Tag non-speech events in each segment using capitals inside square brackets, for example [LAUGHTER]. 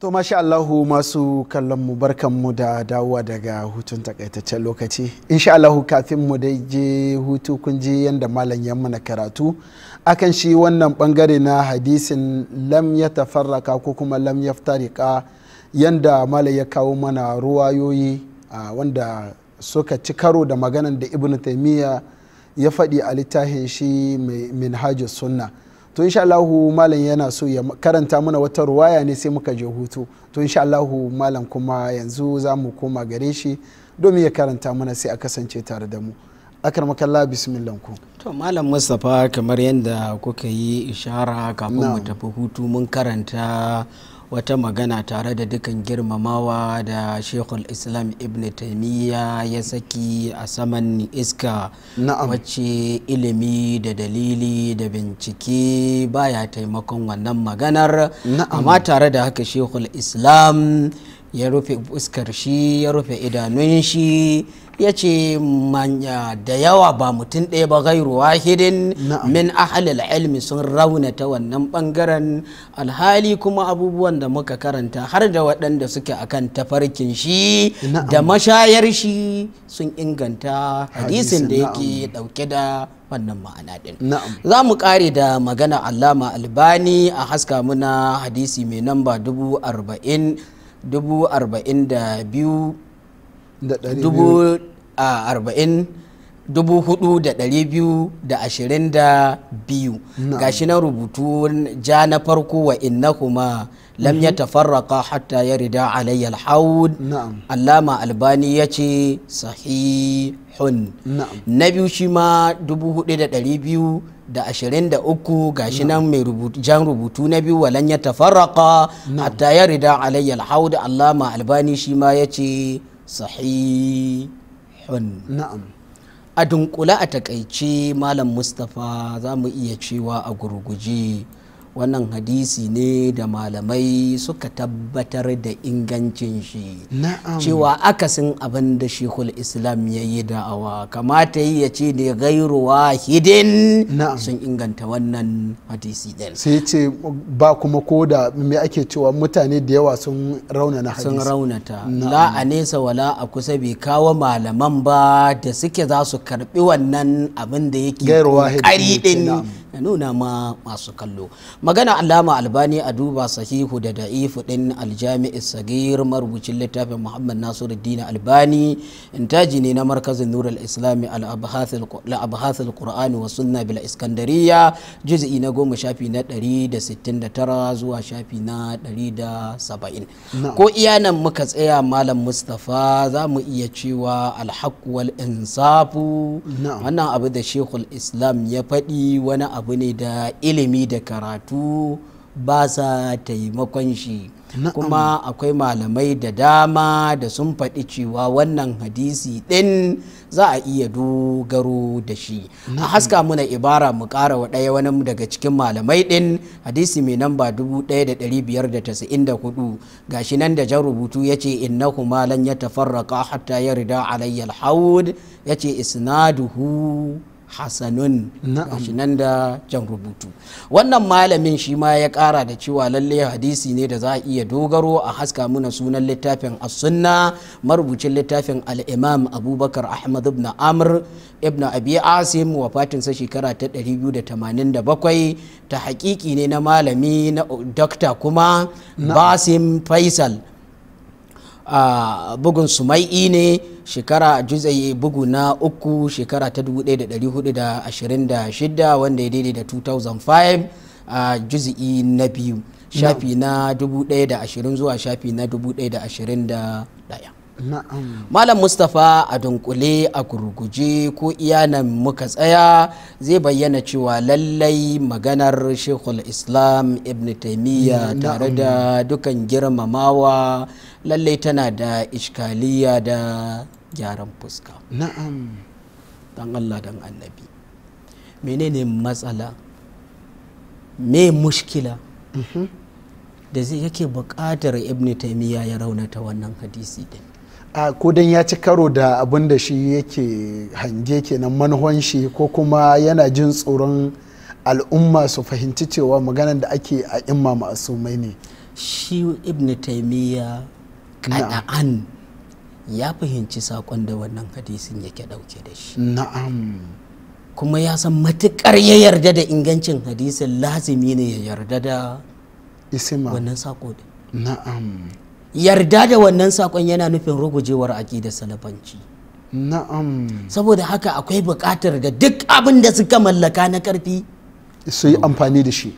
to masha Allahu masu kallon mu barkan mu da dawowa daga hutun takaitaccen lokaci insha Allahu kafin mu dai je hutu kun je yanda malam yamma na karatu akan shi wannan bangare na hadisin lam ya tafarraka ko kuma lam ya tarika yanda malam ya kawo mana ruwayoyi wanda suka ci karo da maganan da ibn taimiyya ya faɗi a littafin shi minhajus sunna to insha Allahu malam yana so ya karanta mana wata ruwaya ne sai muka je hutu to insha Allahu malam kuma yanzu za mu koma gare shi domin ya karanta mana sai a kasance tare da mu makalla bismillah ku to malam mustafa kamar yadda kuka yi ishara kafin mu tafi hutu mun karanta wata magana tare da dukan girmamawa da shekul islam ibn taimiyya ya saki a saman iska wacce ilimi da dalili da bincike baya taimakon wannan maganar amma tare da haka shekul islam ya rufe fuskar shi ya rufe idanun shi ya ce da yawa ba mutum ɗaya ba gairu wahidin min ahalil ilmi sun raunata wannan ɓangaren alhali kuma abubuwan da muka karanta har da waɗanda suke a kan tafarkin shi da mashayar shi sun inganta hadisin da yake ɗauke da wannan ma'ana ɗin za mu ƙare da magana alama albani a haska muna hadisi mai namba dubu arba'in dubu arba'in da biyu dubu arba'in 4,222 ga shi na rubutu ja na farko wa inna kuma lam mhm. ya tafarraka hatta ya rida alayya alhaud allama albani ya ce sahihun na biyu shi ma 4,223 ga shi nan mai jan rubutu na biyu walan ya tafarraka hatta ya rida alayya alhaud allama albani shi ma ya ce sahihun na'am a dunkula a takaice malam mustapha za mu iya cewa a gurguje wannan hadisi ne da malamai suka tabbatar da ingancin shi cewa akasin abin da shekul islam ya yi da'awa kamata yi ya ce ne gairuwa hidin sun inganta wannan hadisi din sai ce ba kuma ko da me ake cewa mutane da yawa sun raunana hadisi sun raunata la a nesa wala a kusa bai kawo malaman ba da suke za su karbi wannan abin da yake nuna ma masu kallo magana alama albani a duba sahihu da da'ifu din aljami'is sagir marubucin littafin muhammad nasiru dina albani intaji ne na markazin nural islami al-abhathul qur'ani wa sunna bil iskandariya juz'i na goma shafi na 169 zuwa shafi na 170 ko iya nan muka tsaya malam mustafa za mu iya cewa alhaq wal insafu wannan abu da shekul islam ya faɗi wani abu abu ne da ilimi da karatu ba sa taimakon shi kuma akwai malamai da dama da sun faɗi cewa wannan hadisi ɗin za a iya dogaro da shi a haska muna ibara mu ƙara wa ɗaya wani daga cikin malamai ɗin hadisi mai namba 1594 gashi nan da jan rubutu ya ce innahu kuma ya tafarraka hatta ya rida alayyal haud ya ce isnaduhu hasanun shi nan da jan rubutu wannan malamin shi ma ya kara da cewa lalle hadisi ne da za a iya dogaro a haska muna sunan littafin asunna sunna marubucin littafin al-imam abubakar ahmad ibn amr ibn abi asim wafatinsa shekara ta 287 ta hakiki ne na malami na dokta kuma basim faisal a bugun sumai'i ne shekara juzai bugu na uku shekara ta 1426 wanda ya daidai da 2005 a juz'i na biyu shafi na 1020 zuwa shafi na 1021 malam mustapha a dunkule a gurguje ko iyanan muka tsaya zai bayyana cewa lallai maganar shekul islam ibn taimiyya tare da dukan girmamawa lallai tana da ishkaliya da gyaran fuska na'am dan allah dan annabi menene matsala me mushkila mhm. da zai yake buƙatar ibn taimiyya ya raunata wannan hadisi din a kodan ya ci karo da abin da shi yake hange kenan manuhan shi ko kuma yana jin tsoron al'umma su fahimci cewa maganan da ake a imma mai ne shi ibn taimiyya kada'an ya fahimci saƙon da wannan hadisin yake dauke da shi na'am kuma ya san matukar ya yarda da ingancin hadisin lazimi ne ya yarda da wannan saƙo. na'am yarda da wannan sakon yana nufin rugujewar aƙidar salafanci na'am saboda haka akwai buƙatar da duk abin da suka mallaka na ƙarfi su yi amfani da shi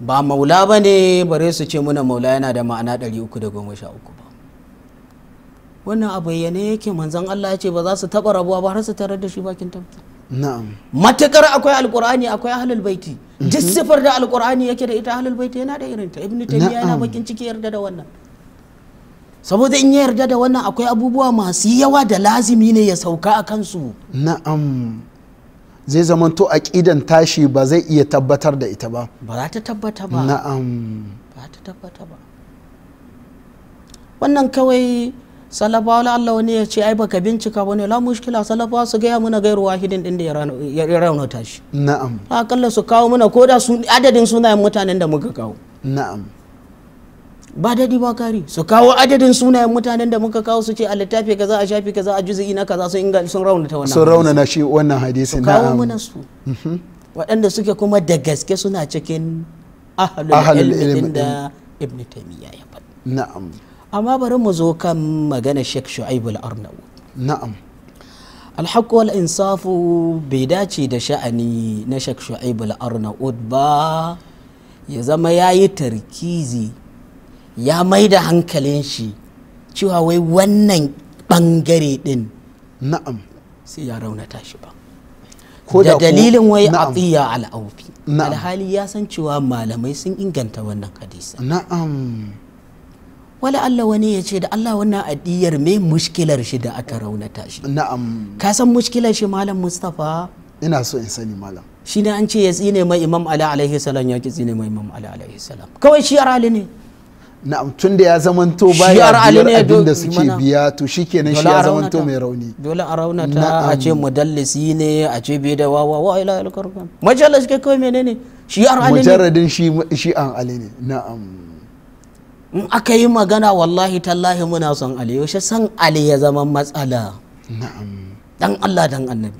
ba maula ba ne bare su ce muna maula yana da ma'ana 313 ba wannan a bayyane yake manzon Allah ya ce ba za su taɓa rabuwa ba har su tarar da shi bakin tafki na'am matakar akwai alƙur'ani akwai ahlul baiti duk sifar da alkur'ani yake da ita ahlul bait yana da irin ta ibnu taymiya yana bakin ciki yarda da wannan saboda in ya yarda da wannan akwai abubuwa masu yawa da lazimi ne ya sauka a kansu na'am zai to aqidan tashi ba zai iya tabbatar da ita ba ba za ta tabbata ba na'am ba ta tabbata ba wannan kawai salafawa la Allah wani ya ce ai baka bincika bane la mushkila salafawa su gaya muna gairu wahidin din da ya raunata shi na'am akalla su kawo muna koda su adadin sunayen mutanen da muka kawo na'am ba dadi ba kari su kawo adadin sunayen mutanen da muka kawo su ce a littafi kaza a shafi kaza a juzu'i na kaza sun inga sun raunata wannan sun raunana shi wannan hadisi na'am su kawo muna su mhm. waɗanda suke kuma da gaske suna cikin ahlul ilmi da ibn taymiyya ya faɗi na'am amma bari mu zo kan magana Sheikh Shu'aib al-Arnaud na'am alhaƙu wal insafu bai dace da sha'ani na Sheikh Shu'aib al-Arnaud ba ya zama ya yi tarkizi ya mai da hankalin shi cewa wai wannan bangare din na'am sai ya raunata shi ba da dalilin wai atiya al-aufi alhali ya san cewa malamai sun inganta wannan hadisi na'am wala Allah wani ya ce da Allah wannan addiyar me mushkilar shi da aka raunata shi na'am ka san mushkilar shi malam Mustafa ina so in sani malam shi ne an ce ya tsine mai imam ala alaihi salam ya ki tsine mai imam ala alaihi salam kawai shi ali ne na'am tun da ya zamanto baya biyar abin da suke biya to shikenan shi ya zamanto mai rauni dole a raunata a ce mudallisi ne a ce bai da wawa wa ila alqur'an majalis ke kawai menene shi ar ali ne mujarradin shi shi an ali ne na'am in aka yi magana wallahi tallahi muna son ali yaushe san ali ya zama matsala dan Allah dan annabi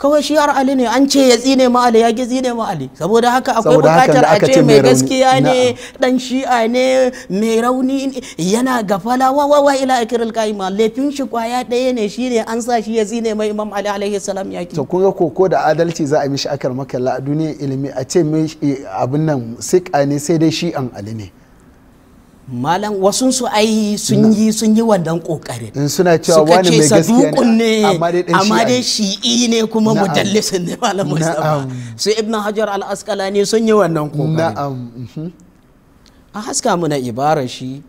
kawai shi har ali ne an ce ya tsine ma ali ya ki tsine ma ali saboda haka akwai bukatar a ce mai gaskiya ne dan shi'a ne mai rauni yana gafala wa wa wa ila akiril kayima laifin shi kwaya daya ne shi ne an sa shi ya tsine mai imam ali alaihi salam ya ki to kun ga koko da adalci za a mishi akar makalla a duniyar ilimi a ce mai eh, abin nan sika ne sai dai shi'an ali ne malam wasun su ai sun yi sun yi wannan kokarin in suna cewa wani mai gaskiya ne amma dai shi'i ne kuma mujallisin ne malam mustafa su ibnu hajar al asqalani sun yi wannan kokarin na'am mhm. a haska muna ibarar shi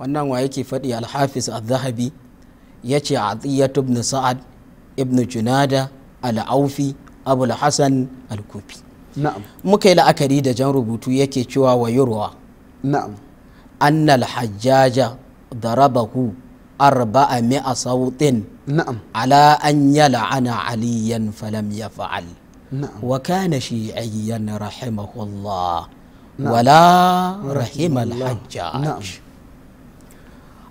wannan wa yake faɗi al-hafiz al-zahabi yace atiyat ibn sa'ad ibn junada al-aufi al hasan al-kufi na'am muka yi la'akari da jan rubutu yake cewa wa yurwa na'am أن الحجاج ضربه أربعمائة صوت نعم على أن يلعن عليا فلم يفعل نعم وكان شيعيا رحمه الله نعم. ولا رحم الحجاج نعم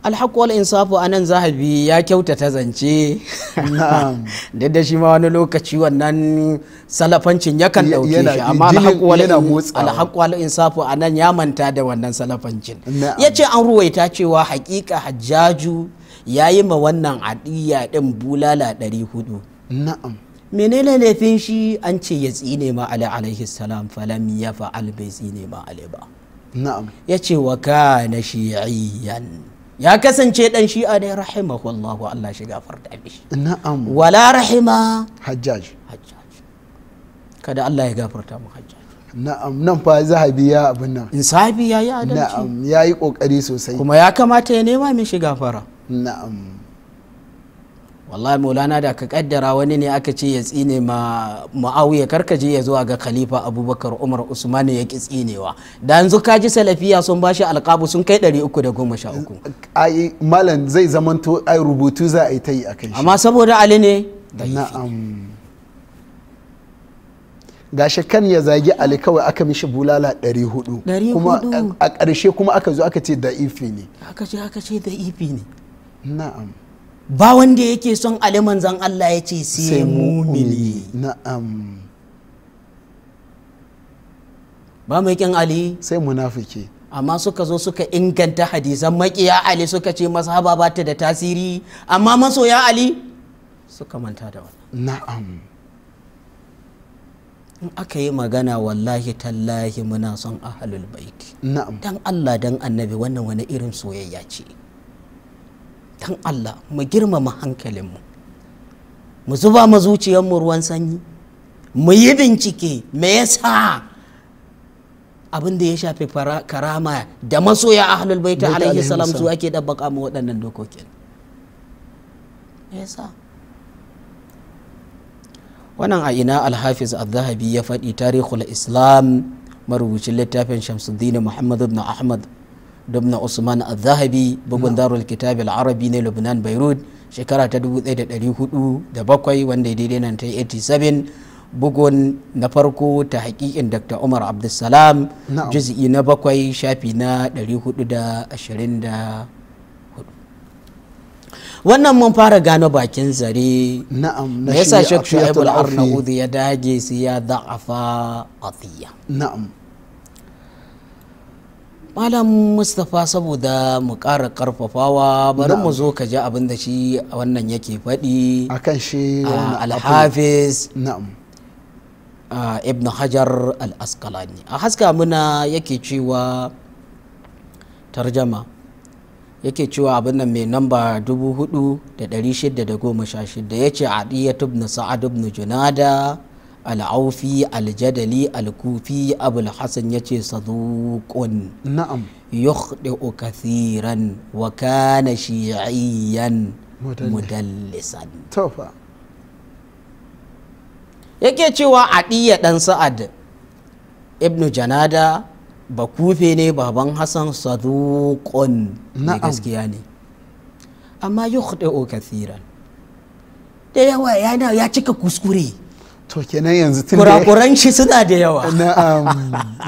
alhaku wal insafu anan zahabi ya kyautata zance [LAUGHS] duk da shi ma wani lokaci wannan salafancin yakan dauke shi amma alhaku wal insafu anan ya manta da wannan salafancin yace an ruwaita cewa haƙiƙa hajjaju ya yi ma wannan adiya din bulala 400 na'am menene laifin shi an ce ya tsine ma ali alaihi salam falam ya fa'al bai tsine ma ali ba na'am ya ce wa kana shi'iyan ya kasance dan shi'a ne rahimahullahu Allah shi gafar da mishi na'am wala rahima hajjaj hajjaj kada Allah ya gafarta mu hajjaj na'am nan fa zahabi ya abin nan in insabi ya ya adalci na'am yayi kokari sosai kuma ya kamata ya nema min shi gafara na'am wallahi maulana da ka kaddara wani ne aka ce ya tsine ma ma'awiya karkaje ya zuwa ga khalifa abubakar umar usman ya ki tsinewa da yanzu ka ji salafiya sun bashi alkabu sun kai 313 ai malam zai zamanto ai rubutu za a yi ta yi a shi amma saboda ali ne na'am gashi kan ya zagi ali kawai aka mishi bulala 400 kuma a ƙarshe kuma aka zo aka ce da ifi ne aka ce aka ce ne na'am ba wanda yake son aliman zan Allah ya ce sai mumini na'am ba mai kin ali sai munafiki amma suka zo suka inganta hadisan makiya ali suka ce mazhaba ba ta da tasiri amma masoya ali suka manta da wannan na'am in aka yi magana wallahi tallahi muna son ahalul baiti na'am dan Allah dan annabi wannan wani irin soyayya ce don Allah mu girmama hankalinmu mu zuba ma zuciyarmu ruwan sanyi mu yi bincike me yasa abin da ya shafi karama da masoya ahlul baita alaihi salam su ake dabbaka mu waɗannan dokokin yasa wannan a ina alhafiz al-zahabi ya faɗi tarihul islam marubucin littafin shamsuddin muhammad ibn ahmad dubna usman al-zahabi bugun darul kitab al-arabi ne lubnan beirut shekara ta 1407 wanda ya daidai nan ta 87 bugun na farko ta hakikin dr umar abdulsalam juz'i na bakwai shafi na 424 wannan mun fara gano bakin zare na'am na yasa shek shu'aib al ya dage sai ya da'afa atiya na'am malam mustapha saboda mu ƙara karfafawa bari mu zo ka ji abin da shi wannan yake faɗi akan shi ah, alhafiz na'am ah, ibn hajar al-asqalani a haska muna yake cewa tarjama yake cewa abin nan mai namba 4616 ya ce adiyatu ibn sa'ad ibn junada al'aufi aljadali alkufi abul yace ya ce saduqun na'am yukhdi'u kathiran wa kana shi'iyyan mudallisan tofa yake cewa aɗiya dan sa'ad ibnu janada ba kufe ne baban hasan saduƙun ne gaskiya ne amma yukhdi'u kathiran da yawa yana ya cika kuskure to kenan yanzu tun kurakuran shi suna da yawa na'am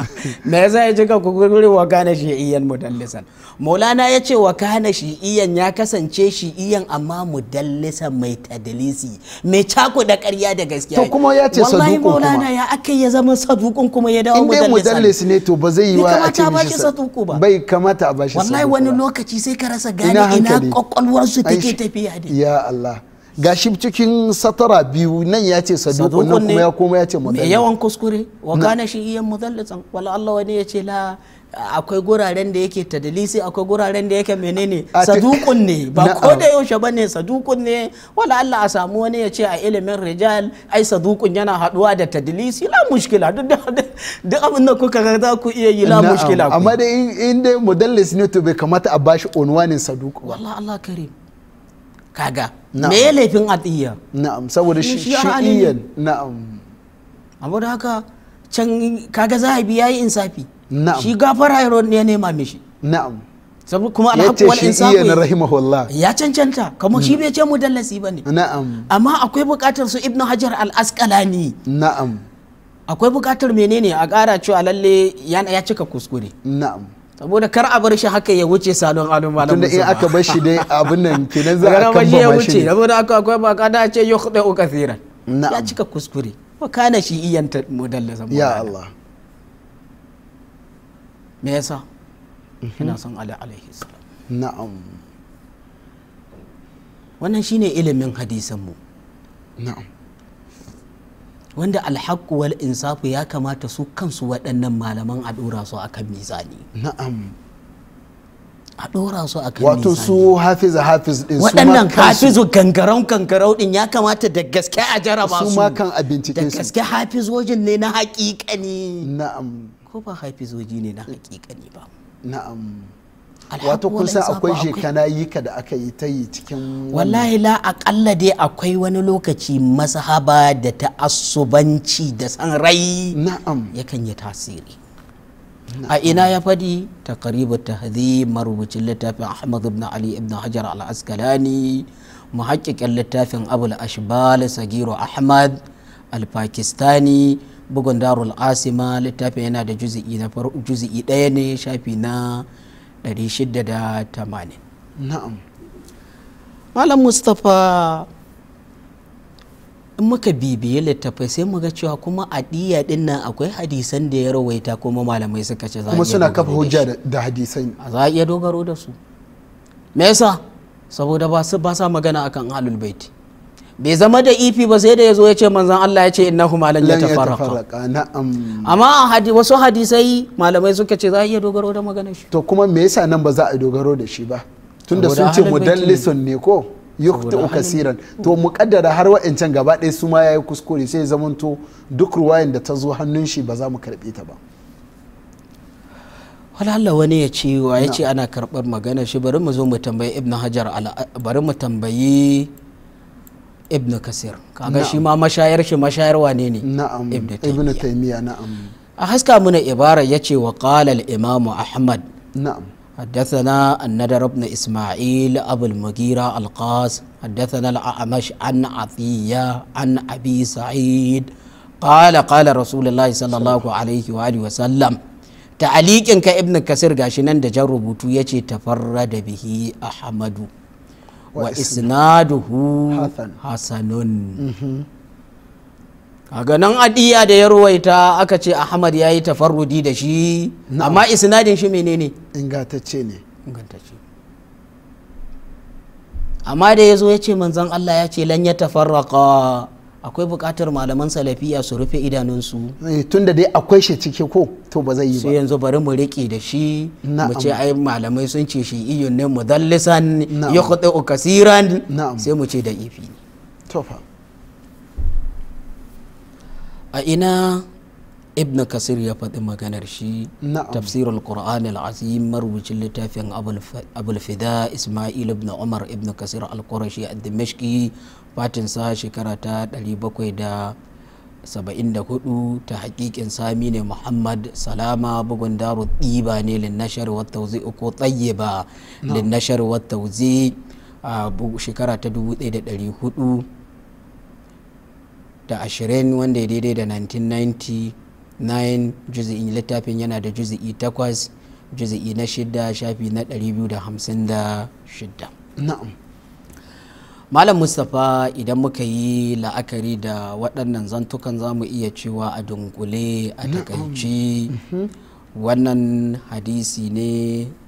[LAUGHS] me yasa ya cika kukurin wa kana iyan mudallisan maulana ya ce wa kana iyan ya kasance shi iyan amma mudallisan mai tadalisi mai cako da karya da gaskiya to kuma ya ce sadukun kuma maulana ya akai ya zama sadukun kuma ya dawo mudallisan inda mudallis ne to ba zai yi wa a ce mishi saduku ba bai kamata a bashi saduku wallahi wani lokaci sai ka rasa gane ina kwakwalwar su take tafiya da ya Allah gashi cikin satara biyu nan ya ce saduqun nan kuma ya koma ya ce mudallis yawan kuskure wa kana shi iyan mudallisan wala Allah wani ya ce la akwai guraren da yake tadalisi akwai guraren da yake menene sadukun ne ba ko da yaushe ba ne sadukun ne wala Allah a samu wani ya ce a ilimin rijal ai sadukun yana haduwa da tadalisi la mushkila duk abin da kuka ga za ku iya yi la mushkila amma dai in dai mudallis ne to bai kamata a bashi unwanin sadukun wala Allah karim kaga me ya laifin atiyya na'am saboda shi shi'iyyan na'am abu da haka can kaga zahabi yi insafi na'am shi gafara yaron ne nema mishi na'am saboda kuma alhaqqu wal insafi ya rahimahullah ya cancanta kuma shi mm. bai ce mudallasi bane na'am amma akwai bukatar su ibnu hajar al asqalani na'am akwai bukatar menene a kara cewa lalle ya cika kuskure na'am saboda kar a bar shi haka ya wuce salon alun malam tunda in aka bar shi dai abin nan kenan za a kan shi ya wuce saboda aka akwai ka da ce yukhda u kathira ya cika kuskure wa kana shi iyan ta mudallasa ya Allah me yasa ina son ala alaihi salam na'am wannan shine ilimin hadisan mu na'am wanda alhaku wal insafu ya kamata su kansu waɗannan malaman a ɗora su akan mizani na'am a ɗora su akan mizani wato su hafiz hafiz din waɗannan hafizu gangarau gangarau din ya kamata da gaske a jaraba su ma kan a bincike su da gaske hafizoji ne na haƙiƙani na'am ko ba hafizoji ne na haƙiƙani ba na'am wato kun san akwai shekana yi ka da aka yi ta yi cikin wallahi la akalla dai akwai wani lokaci masahaba da ta'assubanci da san rai na'am yakan yi tasiri a ina ya fadi taqribu tahdhi marubucin littafin ahmad ibn ali ibn hajar al-asqalani muhaqqiqan littafin abul ashbal sagiru ahmad al-pakistani bugun darul asima littafin yana da juzi'i na juzi'i ɗaya ne shafi na 680 na'am malam mustapha in muka bibiye littafai sai mu ga cewa kuma a ɗiya ɗin nan akwai hadisan da ya rawaita kuma malamai suka ce za a kuma suna kafa hujja da hadisai za a iya dogaro da su me yasa saboda ba su ba sa magana akan halul baiti bai zama da ifi ba sai da ya zo ya ce manzan Allah ya ce hu malan ya amma a wasu hadisai malamai suka ce za a iya dogaro da maganar shi to kuma me yasa nan ba za a dogaro da shi ba tunda sun ce mudallisun ne ko yukhtu kasiran to mu kaddara har wa'ancan gaba ɗaya su ma yayi kuskure sai zamanto duk ruwayan da ta zo hannun shi ba za mu karbe ta ba Allah wani ya ce wa ya ce ana karɓar magana shi bari mu zo mu tambayi ibnu hajar bari mu tambayi ibn kasir kaga shi ma mashayar shi mashayar wane ne na'am ibn taymiya na'am a haska muna ibara yace wa qala al imam ahmad na'am حدثنا النضر بن اسماعيل ابو المغيرة القاص حدثنا الاعمش عن عطية عن ابي سعيد قال قال رسول الله صلى الله عليه واله وسلم تعليقك ابن كسر غاشنان دجار ربوتو يتي تفرد به احمد wa isnaduhu hasanun mhm. kaga nan adiya da ya ruwaita aka ce ahmad ya yi tafarrudi da shi amma isnadin shi menene ingantacce ne ingantacce amma da ya zo ya ce manzon Allah ya ce lan ya tafarraka akwai buƙatar malaman salafiya su rufe idanunsu eh, tun da dai akwai shi ciki ko to ba zai yi ba sai yanzu bari mu riƙe da shi mu ce ai malamai sun ce shi iyun ne mudallisan ya khudu kasiran sai mu ce da ifi to fa a ina ibn kasir ya faɗi maganar shi tafsirul qur'an al-azim marubucin littafin abul fida isma'il ibn umar ibn kasir al-qurashi ad-dimashqi fatinsa shekara ta 774 ta hakikin sami ne muhammad salama bugun daru ɗiba ne linnashar wata wuzi uku tsaye ba linnashar wata wuzi a shekara ta 1400 da 20 wanda ya daidai da 1999 juzi'in littafin yana da juzi'i takwas juzi'i na shida shafi na 256 na'am malam mustapha idan muka yi la'akari da waɗannan zantukan za mu iya cewa a dunkule a takaici mhm. wannan hadisi ne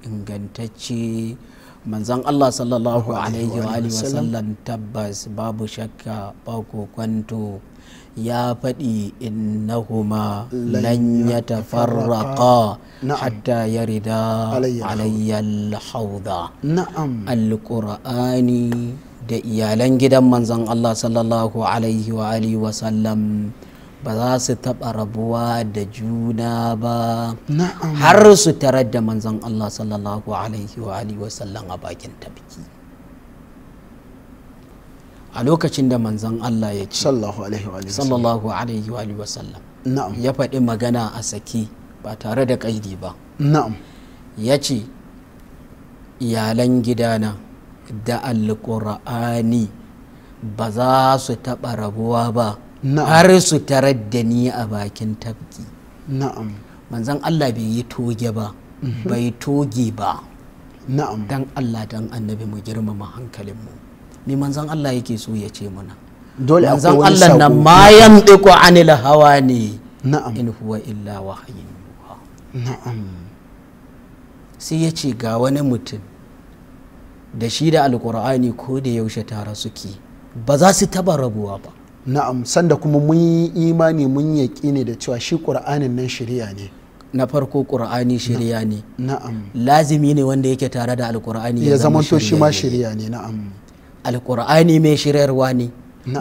ingantacce manzan allah sallallahu alaihi wa sallam tabbas babu shakka ba kwanto ya faɗi innahuma lan ya tafarraqa hatta rida alayyal hauda alƙur'ani da iyalan gidan manzon Allah sallallahu alaihi wa alihi wa sallam ba za su taɓa rabuwa da juna ba har su tarar da manzon Allah sallallahu alaihi wa alihi wa sallam a bakin tabiki a lokacin da manzon Allah ya ce sallallahu alaihi wa alihi wa sallam ya faɗi magana a saki ba tare da ƙaidi ba ya ce iyalan gidana da alƙur'ani ba za su taɓa rabuwa ba har su tarar da ni a bakin tafki na'am manzan Allah bai yi toge ba mhm. bai toge ba na'am dan Allah dan annabi mu girmama hankalinmu me manzan Allah yake so ya ce muna dole manzon Allah na mayan diku anil hawa ne na'am in huwa illa wahayin na'am sai ya ce ga wani mutum da shi da alkur'ani ko da yaushe tare suke ba za su taba rabuwa ba na'am sanda kuma mun yi imani mun yaki ne da cewa shi ƙur'anin nan shirya ne na farko ƙur'ani shirya ne na'am lazimi ne wanda yake tare da alkur'ani ya zama to shi ma shirya ne na'am alkur'ani mai shiryarwa ne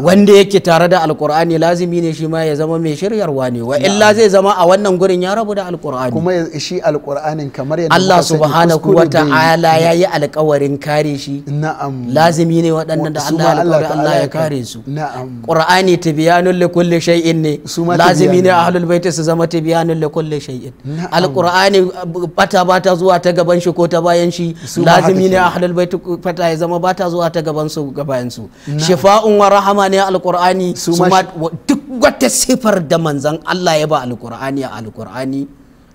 wanda yake tare da alkur'ani lazimi ne shi ma ya zama mai shiryarwa ne wa illa zai zama a wannan gurin ya rabu da alkur'ani kuma shi alkur'anin kamar yadda Allah subhanahu wa ta'ala ya yi alkawarin kare shi na'am lazimi ne waɗannan da Allah alkawarin Allah ya kare su na'am qur'ani tibyanul li kulli shay'in ne lazimi ne ahlul bait su zama tibyanul li kulli shay'in alkur'ani bata bata zuwa ta gaban shi ko ta bayan shi lazimi ne ahlul bait fata ya zama bata zuwa ta gaban su gabayan su shifa'un wa rahama ne alkur'ani su ma duk wata sifar da manzan Allah ya ba alkur'ani a alkur'ani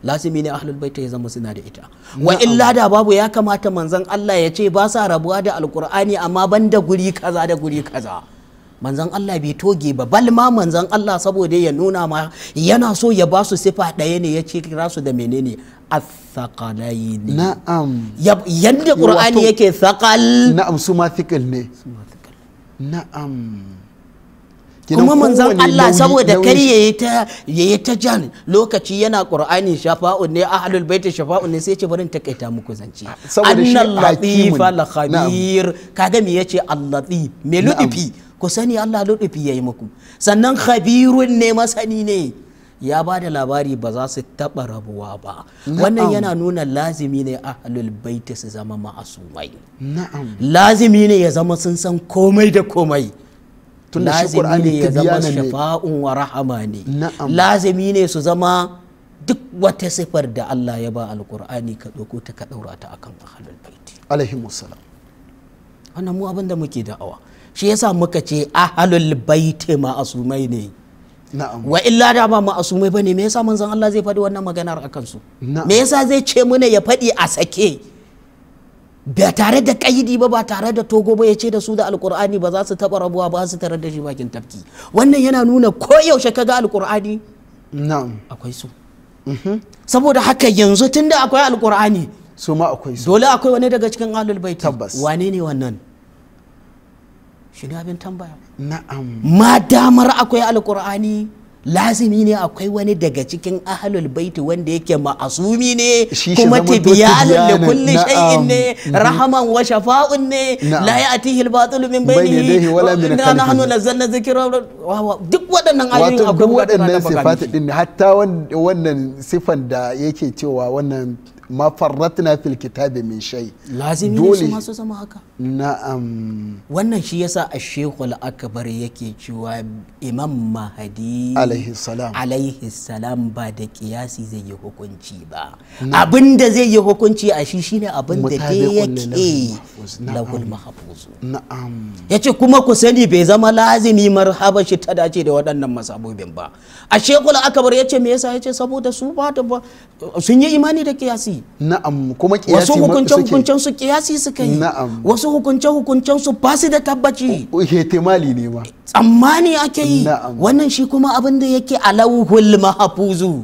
lasimi ne ahlul baita ya zama suna da ita wa illa da babu ya kamata manzan Allah ya ce ba sa rabuwa da alkur'ani amma ban da guri kaza da guri kaza manzan Allah bai toge ba bal ma manzan Allah saboda ya nuna ma yana so ya ba su sifa ɗaya ne ya ce kira su da menene athaqalaini na'am yanda qur'ani yake thaqal na'am suma thiqal ne na'am kuma manzon Allah saboda kai ya ta yayi ta jan lokaci yana qur'ani shafa'un ne ahlul bait shafa'un ne sai ya ce barin takaita muku zance ah, annal latif al khabir kaga me yace al latif me ludifi ku sani Allah ludifi yayi muku sannan khabirun ne masani ne ya ba da labari ba za su taɓa rabuwa ba wannan yana nuna lazimi ne ahlul baiti su zama ma'asumai lazimi ne ya zama sun san komai da komai lazimi ne ya zama shafa'un wa rahama ne lazimi ne su zama duk wata sifar da Allah ya ba alkur'ani ka ɗauko ta ka ɗaura ta akan ahlul baiti alaihi musallam wannan mu abin da muke da'awa shi yasa muka ce ahlul baiti ma'asumai ne wa illa da ba ma'asumai bane me yasa manzon Allah zai faɗi wannan maganar akan su me yasa zai ce mana ya faɗi a sake ba tare da kaidi ba ba tare da togo ba ya ce da su da alkur'ani ba za su taba rabuwa ba su tarar da shi bakin tafki wannan yana nuna ko yaushe kaga alkur'ani na'am akwai su mhm. saboda haka yanzu tunda akwai alkur'ani su ma akwai su dole akwai wani daga cikin ahlul bait tabbas wane ne wannan shi ne abin tambaya na'am ma damar akwai alkur'ani lazimi ne akwai wani daga cikin ahalul baiti wanda yake ma'asumi ne kuma tibiyanin da kulli shay'in ne mhm. rahaman wa shafa'un ne la ya'tihi al-batil min baynihi wala min khalfihi nahnu nazzalna dhikra duk waɗannan ayoyin akwai waɗannan sifatu din hatta wannan sifan da yake cewa wannan ma farratna fil kitabi min shay lazimi ne su masu sama haka na'am wannan shi yasa ash-shaykh al-akbar yake cewa imam mahdi alaihi salam alaihi salam ba da kiyasi zai yi hukunci ba abinda zai yi hukunci a shi shine abinda da yake lahul mahfuz na'am yace kuma ku sani bai zama lazimi marhaba shi ta dace da waɗannan masabobin ba ash-shaykh al-akbar yace me yasa yace saboda su ba sun yi imani da kiyasi na'am kuma kiyasi wasu hukuncen hukuncen su kiyasi su yi na'am wasu hukuncen hukuncen su ba su da tabbaci ihtimali ne ma tsammani ake yi wannan shi kuma abin da yake alawhul mahfuzu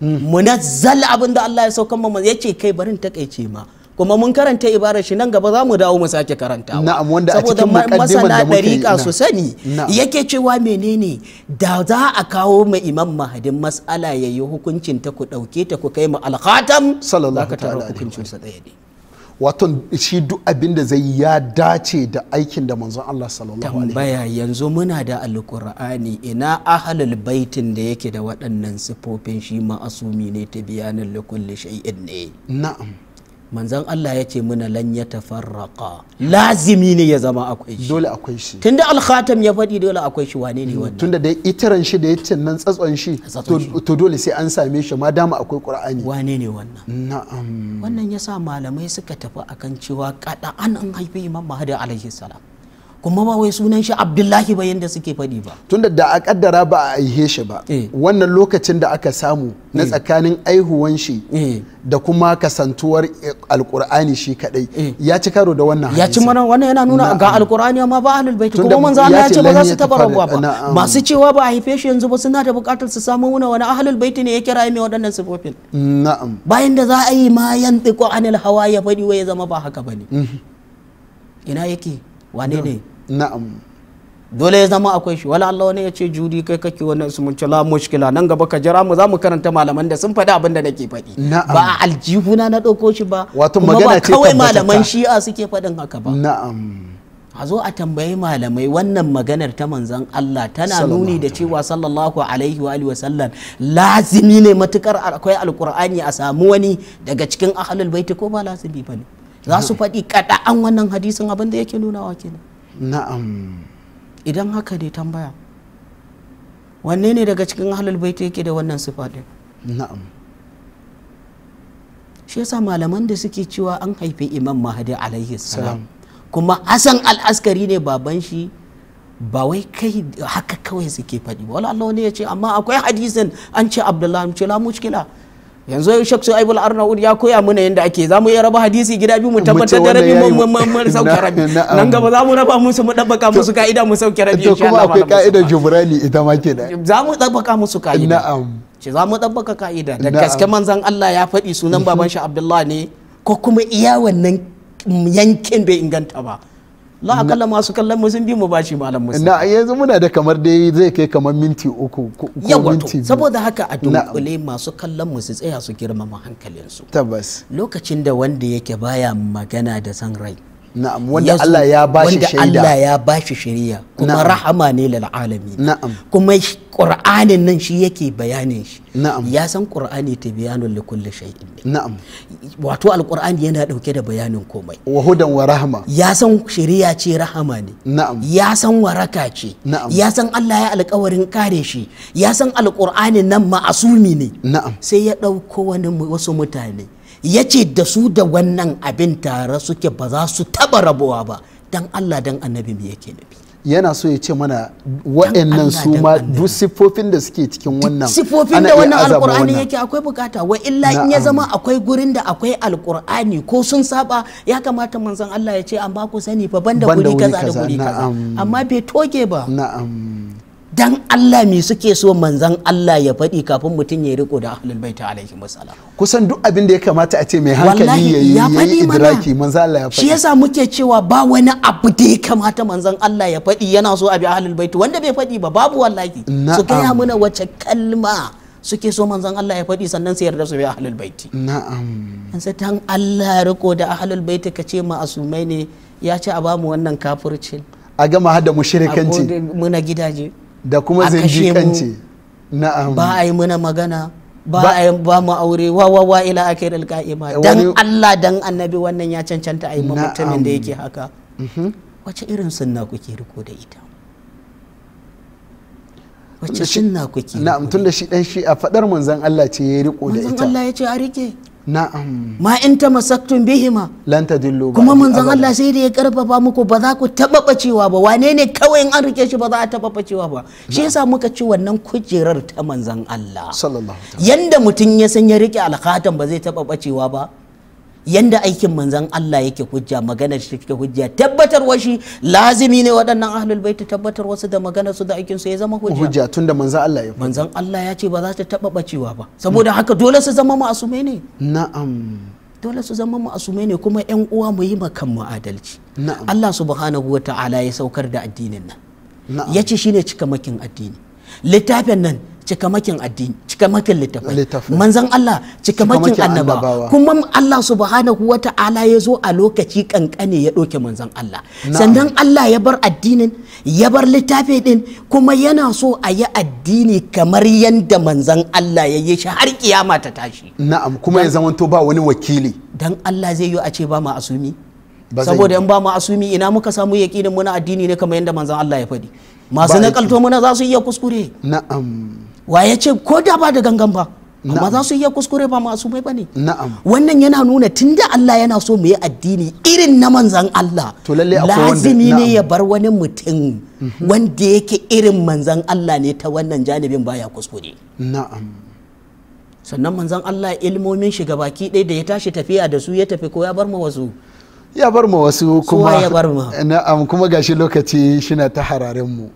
hmm. munazzal abin da Allah ya saukan mu yace kai barin takaice ma kuma mun karanta ibarar shi nan gaba za mu dawo mu sake karanta na'am masana dariƙa su sani yake cewa menene da za a kawo ma imam mahadin mas'ala yi hukuncin ta ku dauke ta ku kai mu alkhatam sallallahu ta'ala hukuncin sa daya wato shi duk abin da zai ya dace da aikin da manzon Allah sallallahu alaihi tambaya yanzu muna da alkur'ani ina ahlul baitin da yake da waɗannan sifofin shi ma'asumi ne ta bayanin likulli shay'in ne na'am manzan Allah ya ce muna lan ya tafarraqa lazimi ne ya zama akwai shi dole akwai shi tunda alkhatam ya faɗi dole akwai shi wane ne hmm, wannan tunda da itiran shi da yace nan tsatson shi to dole sai an same shi ma dama akwai qur'ani wane ne wannan na'am wannan yasa malamai suka tafi akan cewa kada an an haifi imam mahdi alaihi salam kuma ba wai sunan shi abdullahi ba yadda suke faɗi ba tunda da a kaddara ba a aihe shi ba eh. wannan lokacin da aka samu na eh. tsakanin aihuwan shi eh. da kuma kasantuwar alkur'ani shi kadai ya ci karo da wannan ya ci mana wannan yana nuna ga alkur'ani amma ba ahlul baiti kuma manzo Allah ya ce ba za su taba rabuwa ba masu cewa ba a haife shi yanzu ba suna da bukatar su samu wani wani ahlul baiti ne ya kira mai waɗannan sifofin na'am bayan da za a yi ma yantiqu anil hawa ya faɗi wai ya zama ba haka bane mhm. ina yake wane ne na'am dole ya zama akwai shi wala Allah wani ya ce juri kai kake wannan su mun la mushkila nan gaba ka jira mu za mu karanta malaman da sun faɗi abin da nake faɗi ba a aljihuna na ɗauko shi ba wato magana ce kawai malaman shi'a suke faɗin haka ba na'am a zo a tambayi malamai wannan maganar ta manzan Allah tana nuni da cewa sallallahu alaihi wa alihi wasallam lazimi ne matukar akwai alqur'ani a samu wani daga cikin ahlul baiti ko ba lazimi bane za su faɗi kada an wannan hadisin abin da yake nunawa kenan na'am idan haka ne tambaya wanne ne daga cikin halal baita yake da wannan sifa din na'am shi yasa malaman da suke cewa an haifi imam mahadi alaihi salam kuma al askari ne baban shi ba wai kai haka kawai suke faɗi wala Allah ne ya ce amma akwai hadisin an ce abdullahi ce la mushkila yanzu shek su aibul arnaud ya koya mana yadda ake za mu iya raba hadisi gida biyu mu tabbatar da rabi mu sauke [LAUGHS] rabi um, nan gaba za mu raba musu mu dabbaka musu ka'ida mu sauke rabi insha Allah kuma akwai ka'idar jibrali ita ma ke da za mu dabbaka musu ka'ida na'am ce za mu dabbaka ka'ida da gaske manzon Allah ya faɗi sunan baban shi Abdullahi. ne ko kuma iya wannan yankin bai inganta ba la akalla masu kallon mu sun bi mu bashi malam musa na yanzu muna da kamar dai zai kai kamar minti uku ko minti saboda haka a dunkule masu kallon mu su tsaya su girmama hankalinsu tabbas lokacin da wanda yake baya magana da san rai na'am wanda Allah ya bashi shaida wanda Allah ya bashi shari'a kuma rahama ne lil alamin na'am kuma qur'anin nan shi yake bayanin shi na'am ya san qur'ani tibyanul li kulli shay'in na'am wato alqur'ani yana dauke da bayanin komai wa hudan wa rahma. ya san shari'a ce rahama ne na'am ya san waraka ce na'am ya san Allah ya alƙawarin kare shi ya san alqur'ani nan ma'asumi ne na'am sai ya dauko wani wasu mutane ya ce da su da wannan abin tare suke ba za su taba rabuwa ba dan Allah dan annabi me yake nufi yana so ya ce mana wa'annan su ma duk siffofin da suke cikin wannan siffofin da wannan alkur'ani yake akwai bukata wa illa in ya zama akwai gurin da akwai alkur'ani ko sun saba ya kamata manzon Allah ya ce an ba ku sani fa banda guri kaza da guri kaza amma bai toge ba na'am dan Allah me suke so manzan Allah ya faɗi kafin mutum ya riko da ahlul baita alaihi wasala kusan duk abin da ya kamata a ce mai hankali ya yi idiraki idraki manzan Allah ya faɗi shi yasa muke cewa ba wani abu da ya kamata manzan Allah ya faɗi yana so a bi ahlul baita wanda bai faɗi ba babu wallahi su gaya mana wace kalma suke so manzan Allah ya faɗi sannan sai yarda su bi ahlul baiti na'am an sai dan Allah riko da ahlul baiti ka ce sumai ne ya ce a bamu wannan kafircin a gama hada mushrikanci muna gidaje da kuma zindikanci na'am ba a yi muna magana ba a ba mu aure wa wa wa ila akhir alqa'ima eh, dan Allah dan annabi wannan ya cancanta a yi mutumin da yake haka mhm. wace irin sunna kuke riko da ita wacce sunna kuke na'am tun da shi dan shi a fadar manzon Allah ce ya riko da ita manzon Allah ya ce a rike na'am ma in ta masaktun bihima lan tadillu kuma manzon Allah sai da ya karfafa muku ba za ku taba bacewa ba wane ne kawai in an rike shi ba za a taba bacewa ba shi yasa muka ci wannan kujerar ta manzon Allah sallallahu alaihi yanda mutum ya san ya rike alkhatan ba zai taba bacewa ba yanda aikin manzan Allah yake hujja maganar shi take hujja tabbatar shi lazimi ne waɗannan ahlul baiti tabbatar wasu da maganar su da aikin su ya zama hujja hujja tunda manzan Allah ya manzan Allah ya ce ba za ta taba bacewa ba saboda haka dole su zama ma'asume ne na'am dole su zama ma'asume ne kuma yan uwa mu yi makan mu adalci na'am Allah subhanahu wata'ala ya saukar da addinin nan ya ce shine cikamakin addini littafin nan cikamakin addini cikamakin littafai manzan Allah cikamakin annabawa kuma Allah subhanahu wa ta'ala ya zo a lokaci kankane ya ɗauke manzan Allah sannan Allah ya bar addinin ya bar littafi din kuma yana so a yi addini kamar yadda manzan Allah ya yi shi har kiyama ta tashi na'am kuma ya zamanto ba wani wakili dan Allah zai yi a ce ba ma asumi saboda in ba mu asumi ina muka samu yakinin muna addini ne kamar yadda manzan Allah ya faɗi masu nakalto muna za su iya kuskure na'am wa ya ce ko da ba da gangan ba amma za su iya kuskure ba masu mai bane na'am wannan yana nuna tunda Allah yana so mu yi addini irin na manzan Allah to lalle lazimi ne ya bar wani mutum mhm. wanda yake irin manzan Allah ne ta wannan janibin baya kuskure na'am sannan manzan Allah ilmomin shiga baki ɗaya da ya tashi tafiya da su ya tafi ko ya bar ma wasu ya bar ma wasu kuma [LAUGHS] na'am kuma gashi lokaci na ta hararin mu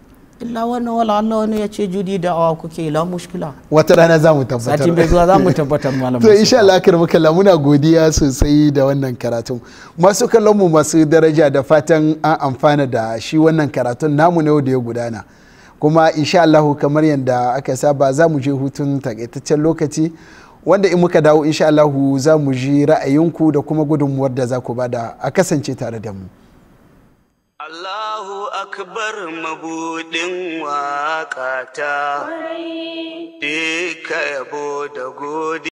illa wannan wala Allah wani ya ce judi da awa kuke ila mushkila wata rana za mu tabbatar sati mai zuwa za mu tabbatar malam to insha Allah muka la muna godiya sosai da wannan karatun masu kallon mu masu daraja da fatan an amfana da shi wannan karatun namu na yau da ya gudana kuma insha Allah kamar yanda aka saba za mu je hutun takaitaccen lokaci wanda in muka dawo insha Allah za mu ji ra'ayinku da kuma gudunmuwar da za ku bada a kasance tare da mu Allahu akbar mabuɗin waƙata, ka yabo da godi.